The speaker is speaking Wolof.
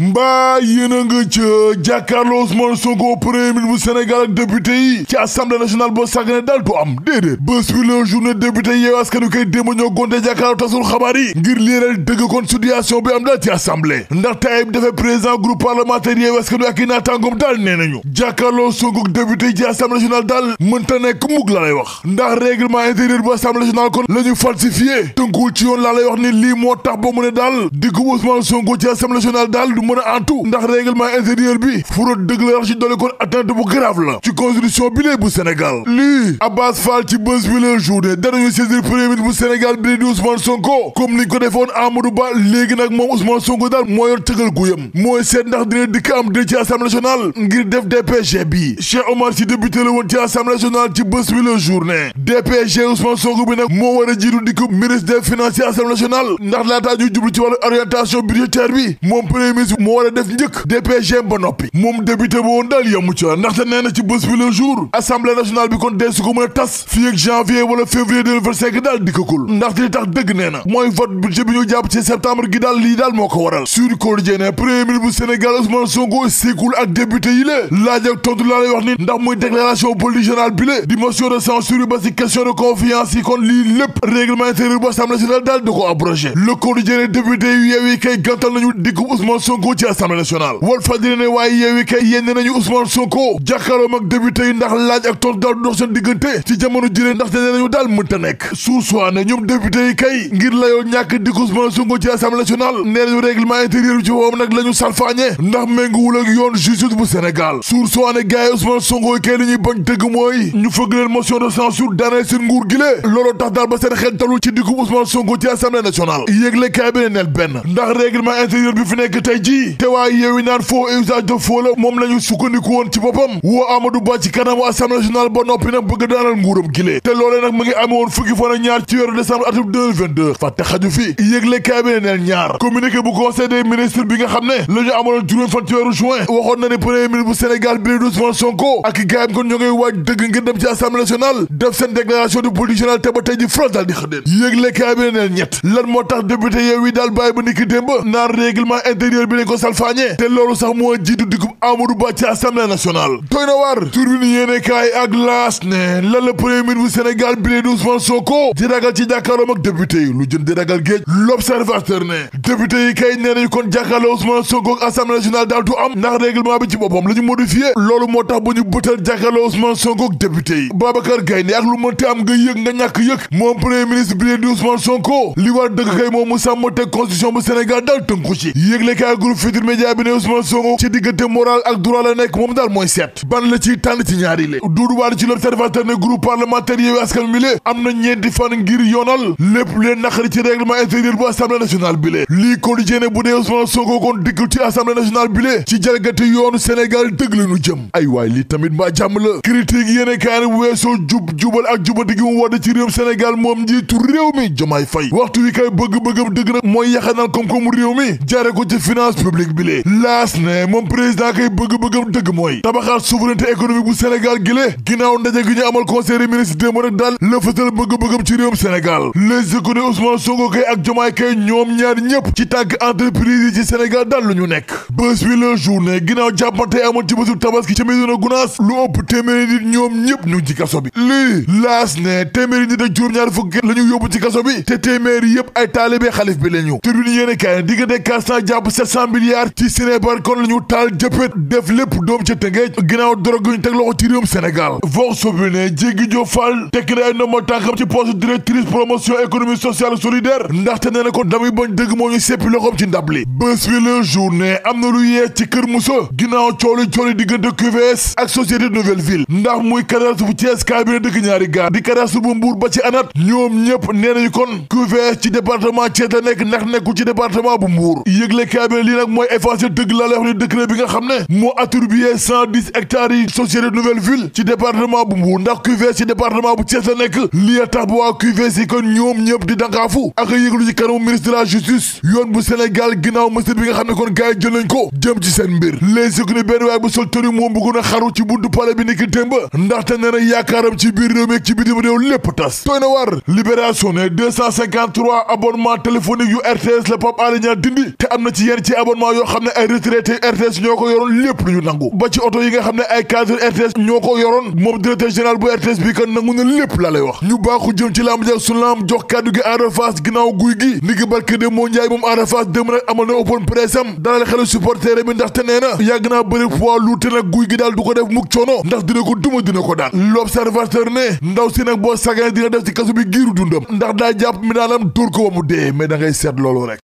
mbaa yéen a nga ca jàkkaarloo Ousmane Sonko premier ministre bu Sénégal ak député yi ci assemblée nationale boo sàggane daal du am déedéet bés bi le journée député Yewwi Askan Wi koy démb ñoo gonte jàkkaarloo tasul xabaar yi ngir léeral dëgg kon situation bi am daal ci assemblée ndax tayib dafa président groupe parlementaire Yewwi Askan Wi ak i naataangoom daal nee nañu jàkkaarloo Sonko député yi ci assemblée nationale daal mënta nekk mukk laa lay wax ndax règlement intérieur bu assemblée nationale kon la ñu falsifié tënkuwul ci yoon laa lay wax ni lii moo tax ba mu daal di ko Ousmane Sonko ci assemblée mën a antu ndax règlement intérieur bi fraude dëgg la wax kon atteinte bu grave la ci constitution bi lee bu Sénégal lii Abbas Fall ci bés bi journée danañu saisir premier ministre bu Sénégal bi di Ousmane Sonko comme niñ ko defoon Amadou Ba léegi nag moom Ousmane Sonko daal moo yor tëgal guyam mooy seet ndax dina dikk ci assemblée nationale ngir def DPG bi Cheikh Omar Sy député la woon ci assemblée nationale ci bés bi la journée DPG Ousmane Sonko bi nag moo war a jiitu dikk ministre des finances ci assemblée nationale ndax laataa ñuy ci wàllu orientation budgétaire bi moom premier politique mu war a def njëkk DPG ba noppi moom député ba woon daal yamu ca ndaxte nee na ci bés bi le jour assemblée nationale bi kon dee su ko mën a tas fii ak janvier wala février 2025 daal dikkakul ndaxte li tax dëgg nee na mooy vote budget bi ñu jàpp ci septembre gi daal lii daal moo ko waral sur quotidien premier ministre Sénégal Ousmane Sonko séekul ak député yi lée laaj tontu laa lay ni ndax muy déclaration politique générale bi lé di Sonko ci assemblée nationale Walf Fadjri ne waaye yeewi kay yénne nañu Ousmane Sonko jàkkaaroom ak député yi ndax laaj ak tontu daal du dox seen diggante ci jamono jëlee ndax te nee nañu daal mënta nekk suuswaa ne ñoom député yi kay ngir layoo ñàkk di Ousmane Sonko ci assemblée nationale nee nañu gi lée looloo tax daal ba seen xel talul ci diggu Ousmane Sonko ci assemblée nationale neel benn ndax règlement intérieur bi fi nekk tey ji ji te waa yeewi naan faux usage de faux moom la sukkandiku woon ci boppam woo Amadou Ba ci kanamu assemblée nationale ba noppi nag bëgg daanal nguuram gilee te loolee nag mu ngi amee woon fukki fan ak ñaar ci weeru décembre atum 2022 fàtte xaju fi yëgle kaay ñaar communiqué bu conseil des bi nga xam ne la ñu amaloon juróom fan ci weeru juin waxoon na ne premier ministre bu Sénégal bi di Ousmane Sonko ak gaayam kon ñoo ngay waaj dëgg dañu ko salfaañe te loolu na waar turbine yéene kaay ak laas ne la bi lee di Ousmane Sonko di ragal ci jàkkaarloom député yi lu jëm di ragal géej l'observateur ne député yi kay nee nañu kon jàkkaarloo Ousmane Sonko ak assemblée nationale daal du am ndax règlement bi ci boppam la ñu loolu moo tax bu ñu bëtal jàkkaarloo Ousmane Sonko ak député yi Babacar Gaye ne ak lu mënti am nga yëg nga ñàkk yëg moom premier ministre bi lee di Ousmane Sonko li war dëgg kay moom mu sàmm teg constitution bu Sénégal daal tënku ci yëgle kaay groupe Futurs Médias bi ne Ousmane Sonko ci diggante moral ak droit la nekk moom daal mooy seet ban la ciy tànn ci ñaari le Doudou Wade ci l'Observateur ne groupe parlementaire Yewwi Askan Wi le am na ñeenti fan ngir yoonal lépp leen naqari ci règlement intérieur bu Assemblée nationale bi le lii quotidien ne bu dee Ousmane Sonko bi le ci jalgati yoonu Sénégal dëgg la jëm ay waay lii tamit mbaa jàmm la critique yéene kaay bu weesoo jub jubal ak réew mi Diomaye Faye waxtu wi kay bëgg-bëggam dëgg nag mooy yaxanal koom-koomu mi jaare publique bi lee laas ne moom président kay bëgg-bëggam dëgg mooy tabaxaat souveraineté économique bu Sénégal gi lée ginnaaw ndaje gi ñu amal conseil des ministres démb rek daal la fësal bëgg-bëggam ci réewum Sénégal les économies Ousmane Sonko kay ak Diomaye kay ñoom ñaar ñëpp ci tàgg entreprise yi ci Sénégal daal lu ñu nekk bés bi la journée ginnaaw jàppante amoon ci bésu tabaski ci Médina Gounass lu ëpp téeméeri nit ñoom ñëpp ñu ci kaso bi lii laas ne téeméeri nit ak juróom cent milliards ci Sénébar kon la ñu taal jëppét def lépp doom ca tëngeej ginnaaw drogue ñu teg loxo ci réewum Sénégal vox sobi ne jéggi jo fall tekki na ay ndombo tànkam ci poste directrice promotion économie sociale solidaire ndaxte nee na damuy bañ dëgg moo ñu seppi loxoom ci ndab li bés bi le journée am na lu yee ci kër Moussa ginnaaw cooli cooli diggante QVS ak société nouvelle ville ndax muy cadastre bu Thiès kaa dëkk ñaari gaar di cadastre bu bu lii nag mooy effacé dëgg laa lay wax bi nga xam ne moo attribué cent dix hectares yi société ville ci département bu Mbour ndax QVC ci département bu Thiès la nekk lii a tax ba waa QVC kon ñoom ñëpp di dankaafu ak yëglu ci kanamu ministre de yoon bu Sénégal ginnaaw mesure bi nga xam ne kon gars jël nañ ko jëm ci seen mbir les suk benn waaye bu sol toni moom bëggoon xaru ci buntu palais bi niki démb ndaxte nee yaakaaram ci abonnement yoo xam ne ay retraité RTS ñoo ko yoroon lépp lu ñu nangu ba ci oto yi nga xam ne ay cadre RTS ñoo ko yoroon moom directeur général bu RTS bi kan nangu na lépp la wax ñu baaxu jëm ci lamb ja sunu lamb jox kàddu gi Ada Fass ginnaaw guy gi ni ki barke de moo njaay moom Ada Fass dem nag amal na open press am yàgg naa bëri poids lu nag guy gi daal du ko dina ko duma dina ko daan l'observateur ne ndaw si nag boo sagane dina def ci kasu bi giiru dundam ndax daa jàpp mi naanam dóor ko ba mu dee mais